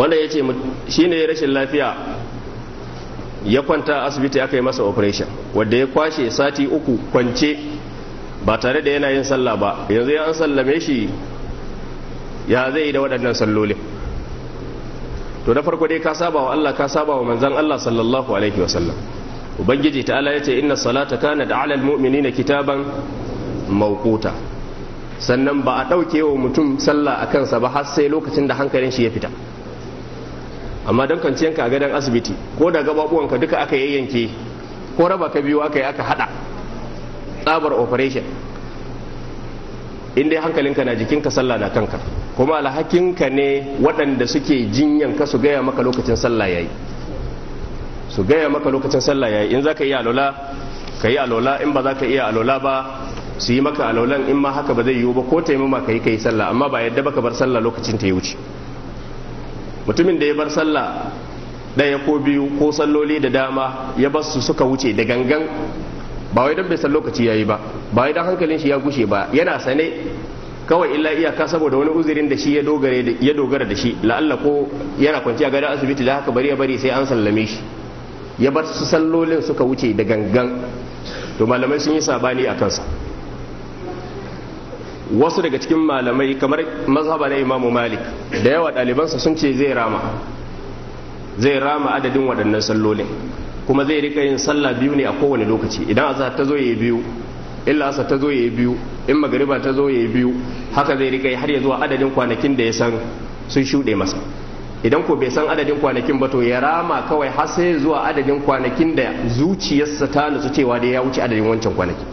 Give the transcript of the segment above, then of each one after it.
wanda ya ce shi ne rashin lafiya ya kwanta asibiti aka yi masa operation wadda ya kwashe sati uku kwance ba tare da yana yin sallah ba yanzu ya an sallame shi ya zai yi da waɗannan sallolin to na farko dai ka saba wa Allah ka saba wa manzan Allah sallallahu alaihi wasallam ubangiji ta'ala ya ce inna salata kana da alal mu'minina kitaban mawquta sannan ba a ɗauke wa mutum sallah a kansa ba har sai lokacin da hankalin shi ya fita amma don kwanciyanka a gadon asibiti ko da ka duka aka yayyanke ko raba ka biyu aka yi aka hada tsabar operation in dai hankalinka na jikinka sallah na kanka kuma alhakinka ne waɗanda suke jinyan ka su gaya maka lokacin sallah yayi su gaya maka lokacin sallah yayi in za ka iya alola ka yi alola in ba za ka iya alola ba su yi maka alolan in ma haka ba zai yiwu ba ko taimama ka yi ka yi sallah amma ba yadda baka bar sallah lokacin ta ya wuce mutumin da ya bar sallah ɗaya ko biyu ko salloli da dama ya bar su suka wuce da gangan ba wai don bai san lokaci yayi ba ba wai don hankalin shi ya gushe ba yana sane kawai illa iyaka saboda wani uzurin da shi ya dogara da ya dogara da shi la'alla ko yana kwanciya gada asibiti da haka bari ya bari sai an sallame shi ya bar su sallolin suka wuce da gangan to malamai sun yi sabani a kansa wasu daga cikin malamai kamar mazhaba na imamu malik da yawa ɗalibansa sun ce zai rama zai rama adadin waɗannan sallolin kuma zai rika yin sallah biyu ne a kowane lokaci idan azhar ta zo yayi biyu illa asa ta zo yayi biyu in magariba ta zo yayi biyu haka zai rika yi har ya zuwa adadin kwanakin da ya san sun shuɗe masa idan ko bai san adadin kwanakin ba to ya rama kawai har sai zuwa adadin kwanakin da zuciyarsa ta nutsu cewa da ya wuce adadin wancan kwanaki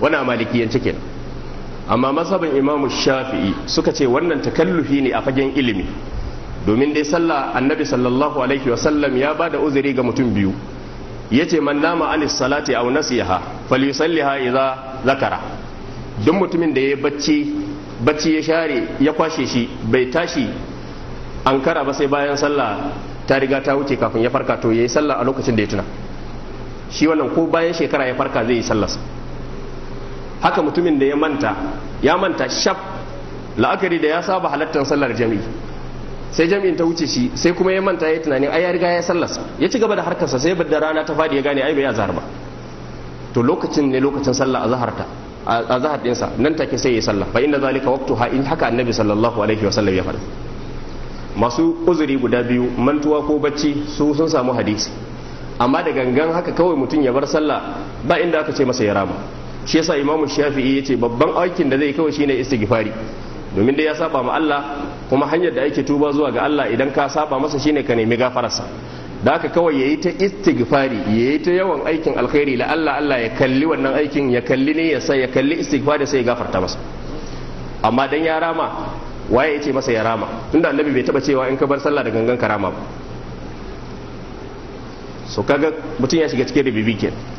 wannan malikiyanci kenan amma masabin imamu shafi'i suka ce wannan takallufi ne a fagen ilimi domin dai sallah annabi sallallahu alaihi wa sallam ya ba da uzuri ga mutum biyu yace man nama anis salati aw nasiha falyusalliha idza zakara duk mutumin da ya bacci bacci ya share ya kwashe shi bai tashi an kara ba sai bayan sallah ta riga ta wuce kafin ya farka to yayi sallah a lokacin da ya tuna shi wannan ko bayan shekara ya farka zai yi sallarsa haka mutumin da ya manta ya manta shaf la'akari da ya saba halattar sallar jami'i sai jami'in ta wuce shi sai kuma ya manta ya tunanin ai ya riga ya sallarsa ya ci gaba da harkarsa sai da rana ta fadi ya gane ai bai azhar ba to lokacin ne lokacin sallah azhar ta azhar din sa nan take sai ya sallah fa inna zalika waqtuha in haka annabi sallallahu alaihi wasallam ya faɗa masu uzuri guda biyu mantuwa ko bacci su sun samu hadisi amma da gangan haka kawai mutum ya bar sallah ba inda aka ce masa ya rama shi yasa imamu shafi'i ce babban aikin da zai kawai shine istighfari domin dai ya saba ma Allah kuma hanyar da ake tuba zuwa ga Allah idan ka saba masa shine ka nemi gafararsa da haka kawai yayi ta istighfari yayi ta yawan aikin alkhairi la Allah Allah ya kalli wannan aikin ya kalli ne ya sai ya kalli istighfari sai ya gafarta masa amma dan ya rama waye yace masa ya rama tunda annabi bai taba cewa in ka bar sallah da gangan karama ba so kaga mutum ya shiga cikin ribibi kenan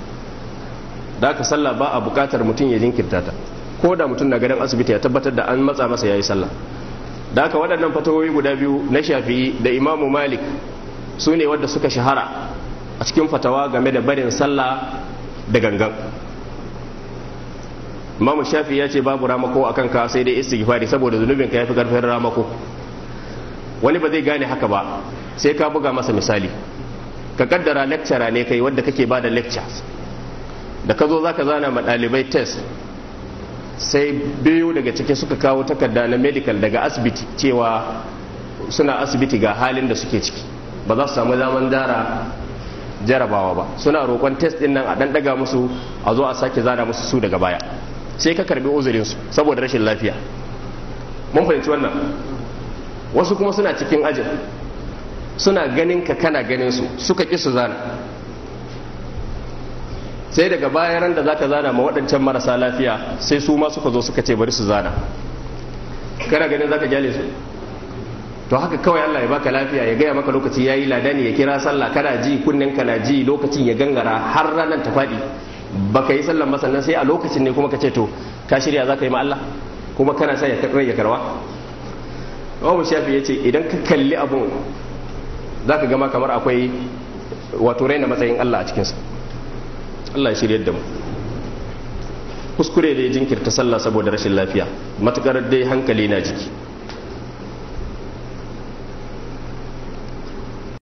da aka sallah ba a bukatar mutum ya jinkirta ta ko da mutum na garin asibiti ya tabbatar da an matsa masa yayi sallah da aka waɗannan fatawoyi guda biyu na shafi'i da imamu malik su ne wadda suka shahara a cikin fatawa game da barin sallah da gangan imamu shafi ya ce babu ramako a kanka sai dai istighfari saboda zunubinka ya fi karfin ramako wani ba zai gane haka ba sai ka buga masa misali ka kaddara lecturer ne kai wadda kake ba da lectures da ka zo za ka zana ma ɗalibai test sai biyu daga ciki suka kawo takarda na medical daga asibiti cewa suna asibiti ga halin da suke ciki ba za su samu zaman dara jarabawa ba suna roƙon test ɗin nan a ɗan ɗaga musu a zo a sake zana musu su daga baya sai ka karbi uzurinsu saboda rashin lafiya mun fahimci wannan wasu kuma suna cikin ajin suna ganin ka kana ganin su suka ƙi su zana sai daga bayan ran da za ta zana ma waɗancan marasa lafiya sai su ma suka zo suka ce bari su zana kana ganin za ka gyale su to haka kawai Allah ya baka lafiya ya gaya maka lokaci ya yi ladani ya kira sallah kana ji kunnen kana ji lokacin ya gangara har ranar ta faɗi baka yi sallan ba sannan sai a lokacin ne kuma ka ce to ka shirya za ka yi ma Allah kuma kana sa ya karɓar ya karwa Imam Shafi ya ce idan ka kalli abun za ka gama kamar akwai wato raina matsayin Allah a cikinsa Allah ya shiryar da mu kuskure da ya jinkirta sallah saboda rashin lafiya matukar dai hankali na jiki